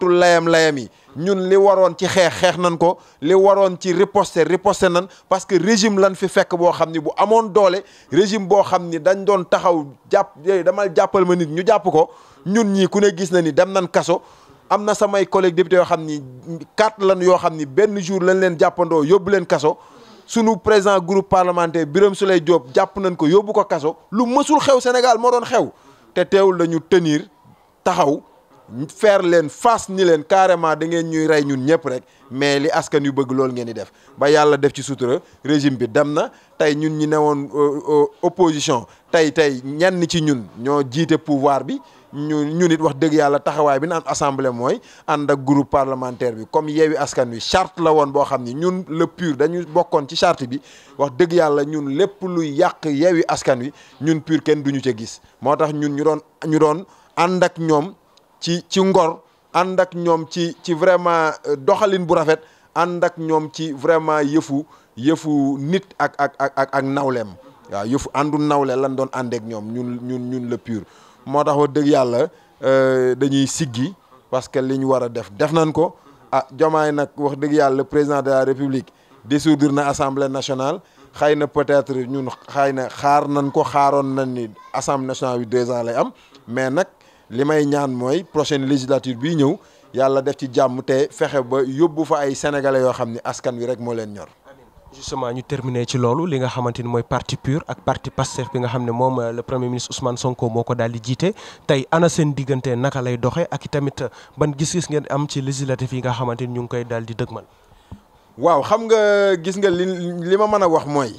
tu layam layam yi ñun li waroon ci xeex xeex nan ko li waroon ci riposter riposter nan parce que régime lan fi fekk boo xam ni bu amoon doole régime boo xam ni dañ doon taxaw jàpp yooyu dama jàppal ma nit ñu jàpp ko ñun ñii ku ne gis na ni dem nan kaso am na samay collègue député yoo xam ni quatre lan yoo xam ni benn jour lañ leen jàppandoo yóbbu leen kaso sunu président groupe parlementaire Birame Souleye Diop jàpp nañ ko yóbbu ko kaso lu mësul xew Sénégal moo doon xew te teewul dañu tenir taxaw feer leen face ni leen carrément da ngeen ñuy rey ñun ñëpp rek mais li askan yu bëgg loolu ngeen di def ba yàlla def ci sutura régime bi dem na tey ñun ñi newoon euh, euh, opposition tey tey ñenn ci ñun ñoo jiite pouvoir bi ñu ñu nit wax dëgg yàlla taxawaay bi na am assemblée mooy ànd ak groupe parlementaire bi comme yeewi askan wi chart la woon boo xam ni ñun le pur dañu bokkoon ci charte bi wax dëgg yàlla ñun lépp lu yàq yeewi askan wi ñun pur kenn duñu ca gis moo tax ñun ñu doon ñu doon ànd ak ñoom ci ci ngor ànd ak ñoom ci ci vraiment euh, doxalin bu rafet ànd ak ñoom ci vraiment yëfu yëfu nit ak ak ak ak ak nawleem waaw yëfu àndu nawle lan doon àndeek ñoom ñun ñun ñun le pur moo tax wax dëgg yàlla euh, dañuy siggi parce que li ñu war a def def nañ ko ah jomaay nag wax dëgg yàlla président de la république dissoudre na assemblée nationale xëy na peut-être ñun xaay na xaar nañ ko xaaroon nañ ni assemblée nationale bi deux ans lay am mais nag li may ñaan mooy prochaine législature bi ñëw yàlla def ci jàmm te fexe ba yóbbu fa ay sénégalais yoo xam ni askan wi rek moo leen ñor. justement ñu terminé ci loolu li nga xamante ni mooy parti PUR ak parti PASTEF bi nga xam ne moom euh, le premier ministre Ousmane Sonko moo ko daal di jiite tey ana seen diggante naka lay doxee ak tamit euh, ban gis-gis ngeen am ci législative yi nga xamante ni ñu ngi koy daal di dëgmal. waaw xam nga gis nga li li ma mën a wax mooy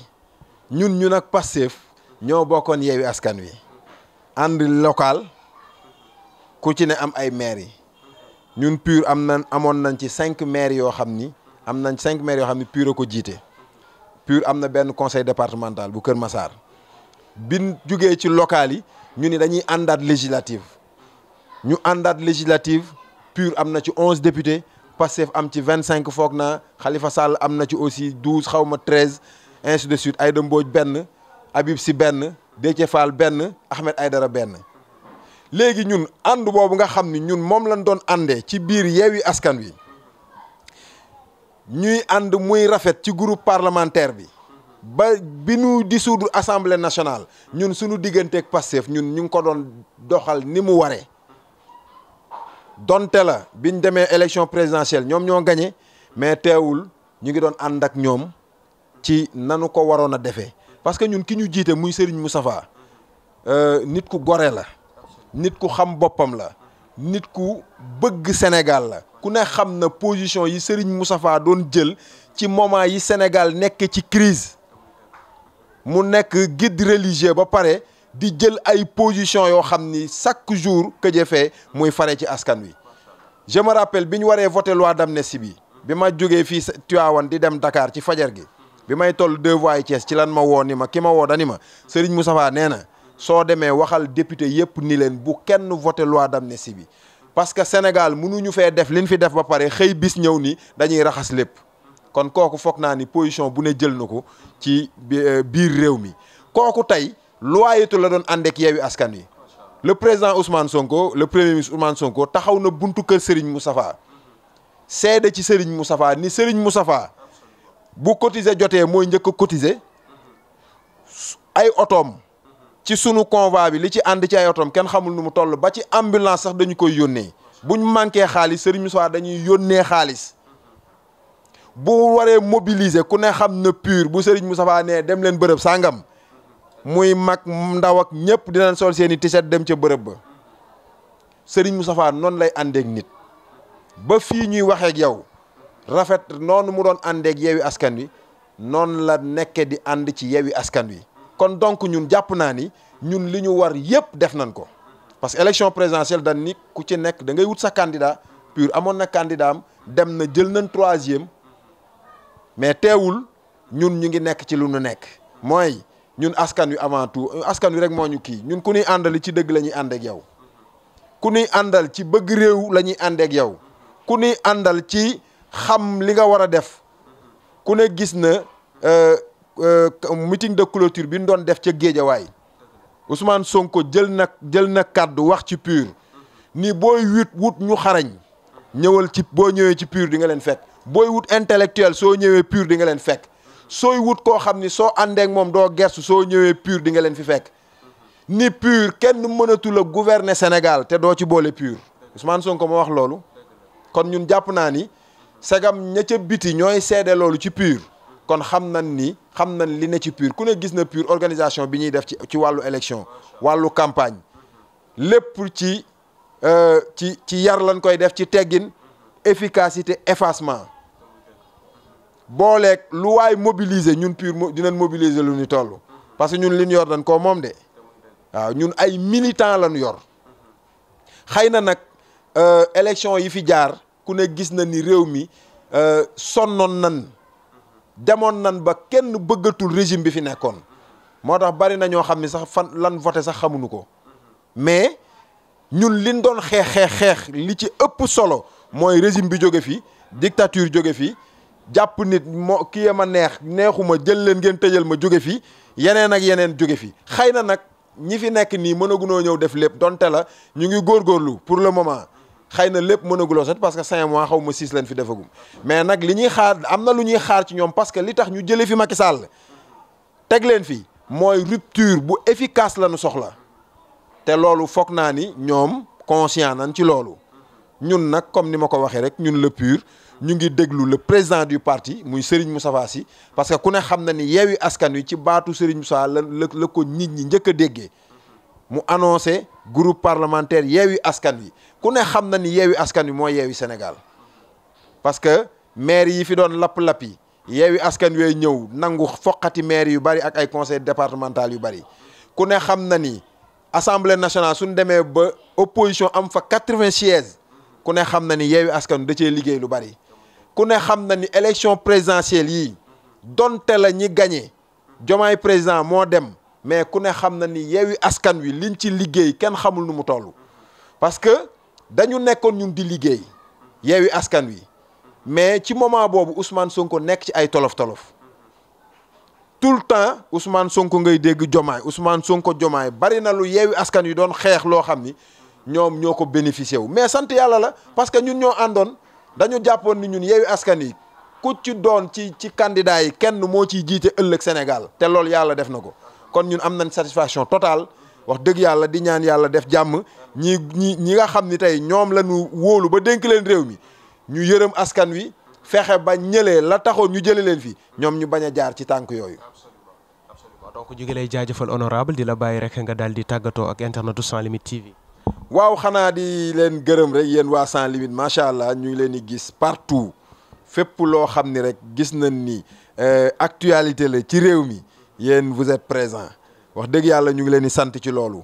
ñun ñun ak PASTEF ñoo bokkoon yeewi askan wi ànd local. ku ci ne am ay maires yi ñun PUR am na amoon nañ ci cinq maires yoo xam ni am nañ cinq maires yoo xam ni PUR a ko jiite PUR am na benn conseil départemental bu Kër Massar bi jugee ci local yi ñu ni dañuy àndaat législative ñu àndaat législative PUR am na ci onze députés Pastef am ci vingt cinq foog na xalifa Sall am na ci aussi douze xaw ma treize de suite Aïda Mbodj benn Habib si benn Déthié Fall benn Ahmed dara benn léegi ñun ànd boobu nga xam ni ñun moom lañ doon àndee ci biir Yewwi Askan Wi ñuy ànd muy rafet ci groupe parlementaire bi ba bi ñu di dissoudre assemblée nationale ñun suñu digganteeg Pastef ñun ñu ngi ko doon doxal ni mu waree donte la bi ñu demee élection présidentielle ñoom ñoo gañe mais teewul ñu ngi doon ànd ak ñoom ci nanu ko waroon a defee parce que ñun ki ñu jiite muy Serigne Moustapha euh, nit ku gore la nit ku xam boppam la nit ku bëgg Sénégal la ku ne xam na position yi Serigne Moustapha doon jël ci moment yi Sénégal nekk ci crise mu nekk guide religieux ba pare di jël ay position yoo xam ni chaque jour que jëfee muy fare ci askan wi je me rappelle bi ñu waree voté ne si bi bi ma jógee fii Tivaouane di dem Dakar ci fajar gi bi may toll deux voies Thiès ci lan ma woo ni ma ki ma woo dani ma Serigne Moustapha nee na soo demee waxal député yépp ni leen bu kenn voté loi d'amnistie bi parce que Sénégal ñu fee def liñ fi def ba pare xëy bis ñëw ni dañuy raxas lépp kon kooku foog naa ni position bu ne jël na ko ci euh, biir réew mi kooku tey loyauté la doon ànd ak Yewwi Askan Wi le président Ousmane Sonko le premier ministre Ousmane Sonko taxaw na buntu kër Serigne Moustapha seede ci Serigne Moustapha ni mu Moustapha bu cotiser jotee mooy njëkk a cotiser ay otoom ci sunu convoi bi li ci ànd ci ay otom kenn xamul nu mu toll ba ci ambulance sax dañu koy yónnee buñ manqué xaalis Serigne Moussa dañuy yónnee xaalis bu waree mobiliser ku ne xam na pur bu sëriñ Moussa nee dem leen bërëb sàngam muy mag ndaw ak ñëpp dinañ sol seen i tiset dem ca bërëb ba sëriñ Moussa noonu lay àndeek nit ba fii ñuy waxeek yow rafet noonu mu doon àndeek yeewi askan wi noonu la nekkee di ànd ci yeewi askan wi. kon donc ñun jàpp naa ni ñun li ñu war yëpp def nañ ko parce que élection présidentielle dañ ni ku ci nekk da ngay wut sa candidat pur amoon na kandidaam dem na jël nañ troisième mais teewul ñun ñu ngi nekk ci lu nu nekk mooy ñun askan wi avant tout euh, askan wi rek moo ñu kii ñun ku ñuy àndali ci dëgg la ñuy ànd yow ku ñuy àndal ci bëgg réew lañuy ñuy ànd yow ku ñuy àndal ci xam li nga war a def ku ne gis na euh, Euh, meeting de clôture bi ñu doon def ca Géejawaay Ousmane Sonko jël na jël na kàddu wax ci PUR ni booy wut wut ñu xarañ ñëwal ci boo ñëwee ci PUR di nga leen fekk booy wut intellectuel soo ñëwee PUR di nga leen fekk sooy wut koo xam ni soo àndeek moom doo gersu soo ñëwee PUR di nga leen fi fekk ni PUR kenn mënatul a gouverner Sénégal te doo ci boole PUR Ousmane Sonko moo wax loolu kon ñun jàpp naa ni segam ña ca biti ñooy seede loolu ci PUR kon xam nañ li ne ci PUR ku ne gis na PUR organisation bi ñuy def ci ci wàllu élection wàllu campagne lépp ci euh, ci ci yar lañ koy def ci teggin efficacité effacement booleek lu waay mobiliser ñun PUR dinañ mobiliser lu ñu toll parce que ñun li ñu yor dañ koo moom de waaw ñun ay militants lañ yor xëy na nag euh, élection yi fi jaar ku ne gis na ni réew mi euh, sonnoon nan demoon nan ba kenn bëggatul résime bi fi nekkoon moo tax bari na ñoo xam ni sax fan lan voté sax xamuñu ko mais ñun liñ doon xeex xeex xeex li ci ëpp solo mooy résime bi jóge fi dictature jóge fi jàpp nit moo kii yee ma neex neexuma jël leen ngeen tëjal ma jóge fi yeneen ak yeneen jóge fi xëy na nag ñi fi nekk nii mënagunoo ñëw def lépp donte la ñu ngi góor góorlu pour le moment xëy na lépp mënaguloo sot parce que cinq mois xaw ma six leen fi defagum mais nag li ñuy xaar am na lu ñuy xaar ci ñoom parce que li tax ñu jëlee fi Macky Sall teg leen fi mooy rupture bu efficace lanu soxla te loolu foog naa ni ñoom conscient nañ ci loolu ñun nag comme ni ma ko waxee rek ñun le pur ñu ngi déglu le président du parti muy Serigne Moustapha si parce que ku ne xam na ni Yewwi Askan Wi ci baatu Serigne Moustapha la la ko nit ñi njëkk a déggee mu annoncé groupe parlementaire Yewwi Askan Wi ku ne xam na ni Yewwi Askan Wi mooy Yewwi Sénégal parce que maire yi fi doon lapp-lapp yi Yewwi Askan wee ñëw nangu foqati maire yu bari ak ay conseil départemental yu bari ku ne xam na ni assemblée nationale suñ demee ba opposition am fa quatre-vingts sièges ku ne xam na ni Yewwi Askan Wi da cee liggéey lu bari ku ne xam na ni élection présidentielle yi donte la ñi gagné Diomaye président moo dem mais ku ne xam na ni Yewwi Askan Wi liñ ci liggéey kenn xamul nu mu toll parce que dañu nekkoon ñun di liggéey Yewwi Askan Wi mais ci moment boobu Ousmane Sonko nekk ci ay tolof-tolof tout le temps Ousmane sunk ngay dégg Jomaay Ousmane Sonko Jomaay bari na lu Yewwi Askan Wi doon xeex loo xam ni ñoom ñoo ko bénéficié wu mais sant yàlla la parce que ñun ñoo àndoon dañu jàppoon ni ñun Yewwi Askan Wi ku ci doon ci ci candidat yi kenn moo ciy jiite ëllëg Sénégal te loolu yàlla def na ko kon ñun am nañ satisfaction totale wax dëgg yàlla di ñaan yàlla def jàmm ñi ñi ñi nga xam ni tey ñoom lañu wóolu ba dénk leen réew mi ñu yërëm askan wi fexe ba ñëlee la taxoon ñu jëlee leen fi ñoom ñu bañ a jaar ci tànk yooyu. donc ñu ngi lay jaajëfal honorable di la bàyyi rek nga daal di tàggatoo ak internetu sans limite TV. waaw xanaa di leen gërëm rek yéen waa sans limite macha allah ñu ngi leen di gis partout fépp loo xam ni rek gis na ni euh, actualité la ci réew mi. yéen vous êtes présents wax dëgg yàlla ñu ngi leen di sant ci loolu